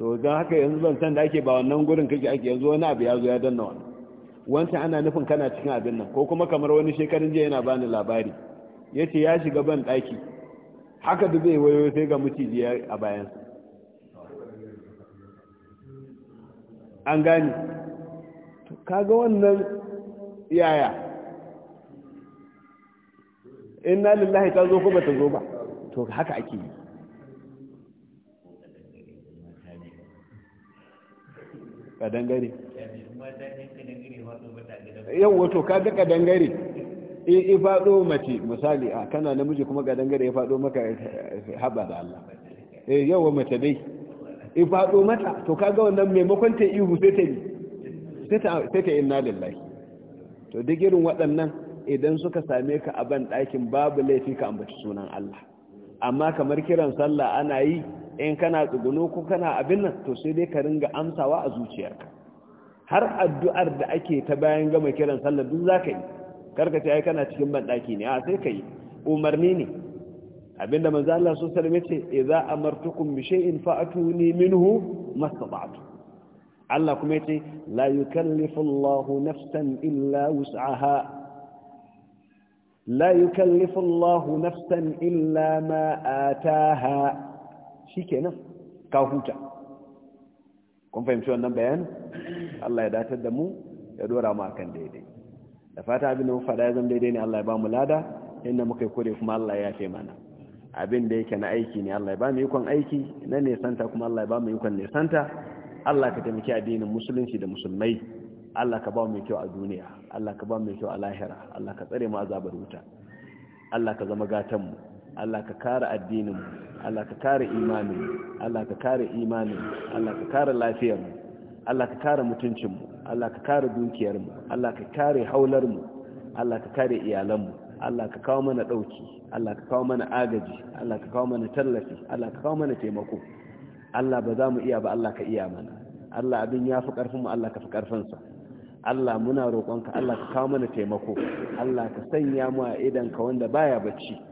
to don haka yanzu zancen da ake ba wannan gurin kake ake yanzu wani abu ya zo ya danna wani wancan ana nufin kana cikin abin nan ko kuma kamar wani shekarun jiya yana bani labari ya ce ya shiga ban ɗaki haka zai wayo sai ga miciji a sa an gani kaga wannan yaya inna lillahi ta zo ko ba ta zo ba to haka ake yi kadangare yau wato ka ga kadangare ya faɗo mace misali a kana namiji kuma kadangare ya faɗo maka eh, haɓa da Allah eh, wa mace dai ya faɗo mata to kaga wannan maimakon ta ihu sai ta yi sai ta inna lillahi to duk irin waɗannan idan suka same ka a ban ɗakin babu laifi ka ambaci sunan Allah amma kamar kiran sallah ana yi in kana tsuguno ko kana abin nan to sai dai ka ringa amsawa a zuciyarka har addu'ar da ake ta bayan gama kiran sallar duk zaka yi karka ce ai kana cikin banɗaki ne a sai ka yi umarni ne abinda manzo Allah su salme ce idza amartukum bi shay'in fa'atuni minhu mastata'tu Allah kuma yace la yukallifu Allahu nafsan illa wus'aha la yukallifu Allahu nafsan illa ma ataha shi kenan ka huta kun fahimci wannan bayanin Allah ya datar da mu ya dora mu akan daidai da fata abin da mu fada ya zama daidai ne Allah ya ba mu lada inda muka yi kore kuma Allah ya fi mana abin da yake na aiki ne Allah ya ba mu ikon aiki na nesanta kuma Allah ya ba mu ikon nesanta Allah ka taimaki addinin musulunci da musulmai Allah ka ba mu kyau a duniya Allah ka ba mu kyau a lahira Allah ka tsare mu azabar wuta Allah ka zama gatan mu Allah ka kare addinin Allah ka kare imanin Allah ka kare imanin Allah ka kare lafiyar Allah ka kare mutuncin mu Allah ka kare dukiyar mu Allah ka kare haular mu Allah ka kare iyalan mu Allah ka kawo mana dauki Allah ka kawo mana agaji Allah ka kawo mana tallafi Allah ka kawo mana taimako Allah ba za mu iya ba Allah ka iya mana Allah abin ya fi karfin mu Allah ka fi karfin sa Allah muna roƙonka Allah ka kawo mana taimako Allah ka sanya mu a idan ka wanda baya bacci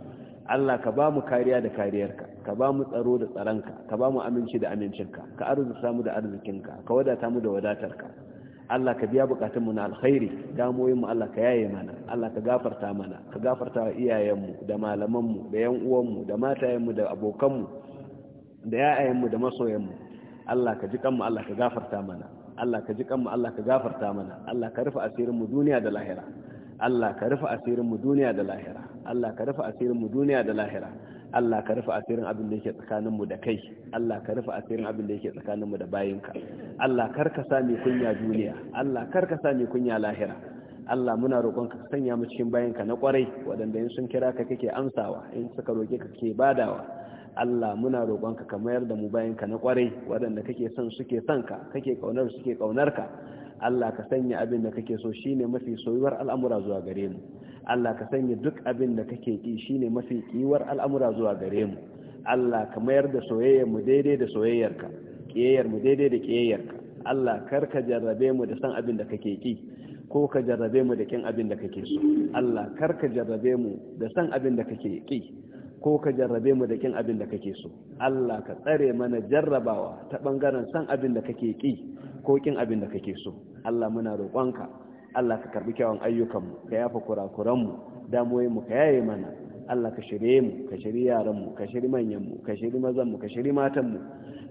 Allah ka ba mu kariya da kariyarka ka ba mu tsaro da tsaronka ka ba mu aminci da amincinka ka arzu mu da arzikinka ka wadata mu da wadatarka Allah ka biya bukatun mu na alkhairi damoyin mu Allah ka yaye mana Allah ka gafarta mana ka gafarta wa iyayen mu da malaman mu da yan uwan mu da matayen mu da abokan mu da yayayen mu da masoyan mu Allah ka ji kanmu Allah ka gafarta mana Allah ka ji kanmu Allah ka gafarta mana Allah ka rufe asirin mu duniya da lahira Allah ka rufe asirin mu duniya da lahira Allah ka rufe asirinmu duniya da lahira Allah ka rufe asirin abin da yake tsakaninmu da kai Allah ka rufe asirin abin da yake tsakaninmu mu da bayinka Allah kar ka sami kunya duniya Allah kar ka sami kunya lahira Allah muna roƙon ka sanya mu cikin bayinka na kwarai waɗanda in sun kira ka kake amsawa in suka roƙe ka kake badawa Allah muna roƙon ka mayar da mu bayinka na kwarai waɗanda kake son suke son ka kake kaunar suke kaunar ka Allah ka sanya abin da kake so shine mafi soyuwar al'amura zuwa gare mu Allah ka sanya duk abin da kake ki ne mafi kiwar al'amura zuwa gare mu Allah ka mayar da soyayyar mu daidai da soyayyarka kiyayyar mu daidai da ƙiyayyarka. Allah kar ka jarrabe mu da san abin da kake ki ko ka jarrabe mu da kin abin da kake so Allah kar ka jarrabe mu da san abin da kake ki ko ka jarrabe mu da kin abin da kake so Allah ka tsare mana jarrabawa ta ɓangaren san abin da kake ki ko kin abin da kake so Allah muna roƙonka Allah ka karbi kyawun ayyukanmu ka yafa kurakuranmu mu ka yaye mana Allah ka shirye mu ka shirye yaranmu ka shirye manyanmu ka shirye mazanmu ka shirye matanmu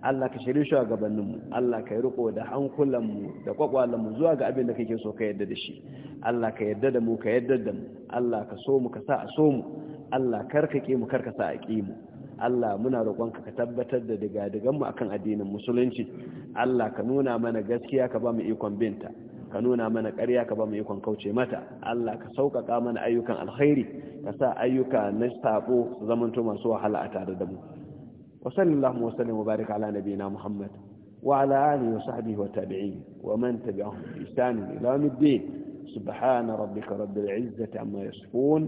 Allah ka shirye shugabanninmu Allah ka yi riko da hankulanmu da kwakwalanmu zuwa ga abin da kake so ka yadda da shi Allah ka yadda da mu ka yadda da mu Allah ka so mu ka sa a so mu Allah karkake mu karka sa a ƙi mu Allah muna roƙonka ka tabbatar da diga-diganmu akan addinin musulunci Allah ka nuna mana gaskiya ka ba mu ikon binta ka nuna mana ƙarya ka ba mu ikon kauce mata Allah ka sauƙaƙa mana ayyukan alkhairi ka sa ayyuka na sabo su zamanto masu wahala a tare da mu wa sallallahu wa sallam wa baraka ala nabiyina muhammad wa ala alihi wa sahbihi wa tabi'in wa man tabi'ahum bi ihsan ila yawmiddin subhana rabbika rabbil izzati سبحان ربك رب العزة عما يصفون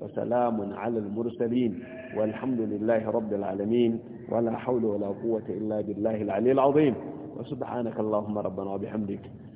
وسلام على المرسلين والحمد لله رب العالمين quwwata illa billahi al aliyyil azim wa subhanaka allahumma rabbana wa bihamdika